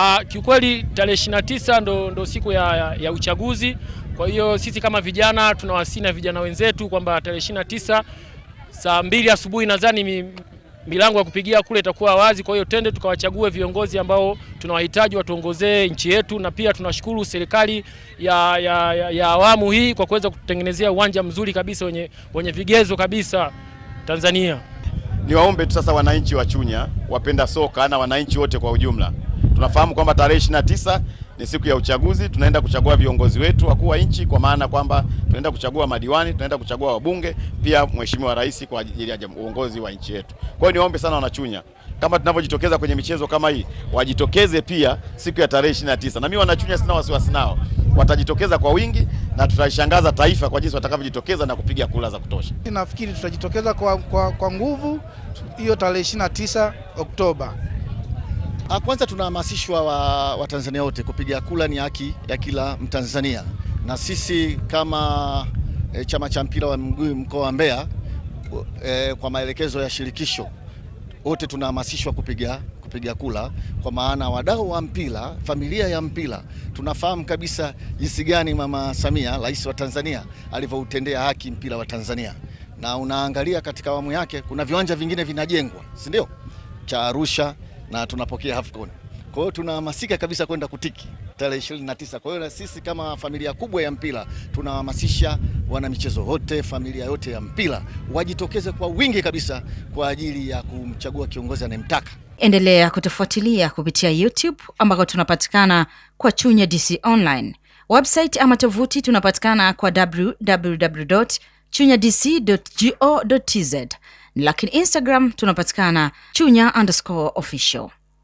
Ah, kiukweli tarehe 29 ndo, ndo siku ya, ya, ya uchaguzi. Kwa hiyo sisi kama vijana tunawasii na vijana wenzetu kwamba tarehe 29 saa mbili asubuhi nadhani mi, milango ya kupigia kule itakuwa wazi. Kwa hiyo twende tukawachague viongozi ambao tunawahitaji watuongozee nchi yetu, na pia tunashukuru serikali ya, ya, ya, ya awamu hii kwa kuweza kututengenezea uwanja mzuri kabisa wenye, wenye vigezo kabisa Tanzania. Niwaombe tu sasa wananchi wa Chunya wapenda soka na wananchi wote kwa ujumla Tunafahamu kwamba tarehe ishirini na tisa ni siku ya uchaguzi, tunaenda kuchagua viongozi wetu wakuu wa nchi, kwa maana kwamba tunaenda kuchagua madiwani, tunaenda kuchagua wabunge, pia mheshimiwa rais kwa ajili ya uongozi wa nchi yetu. Kwa hiyo niombe sana Wanachunya, kama tunavyojitokeza kwenye michezo kama hii, wajitokeze pia siku ya tarehe ishirini na tisa. Na mimi Wanachunya sina wasiwasi nao, watajitokeza kwa wingi na tutashangaza taifa kwa jinsi watakavyojitokeza na kupiga kura za kutosha. Nafikiri tutajitokeza kwa, kwa, kwa nguvu hiyo tarehe 29 Oktoba. Ah, kwanza tunahamasishwa Watanzania wa wote kupiga kura, ni haki ya kila Mtanzania, na sisi kama e, chama cha mpira wa miguu mkoa wa Mbeya e, kwa maelekezo ya shirikisho wote tunahamasishwa kupiga kupiga kura, kwa maana wadau wa mpira, familia ya mpira, tunafahamu kabisa jinsi gani Mama Samia, rais wa Tanzania, alivyoutendea haki mpira wa Tanzania, na unaangalia katika awamu yake kuna viwanja vingine vinajengwa, si ndio, cha Arusha na tunapokea AFCON. Kwa hiyo tunahamasika kabisa kwenda kutiki tarehe 29. Kwa hiyo na sisi kama familia kubwa ya mpira tunahamasisha wanamichezo wote, familia yote ya mpira wajitokeze kwa wingi kabisa kwa ajili ya kumchagua kiongozi anayemtaka. Endelea kutufuatilia kupitia YouTube ambako tunapatikana kwa Chunya DC Online website ama tovuti, tunapatikana kwa www.chunyadc.go.tz lakini Instagram tunapatikana chunya underscore official.